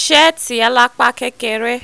Ṣẹ́ẹ̀tì alápá kékeré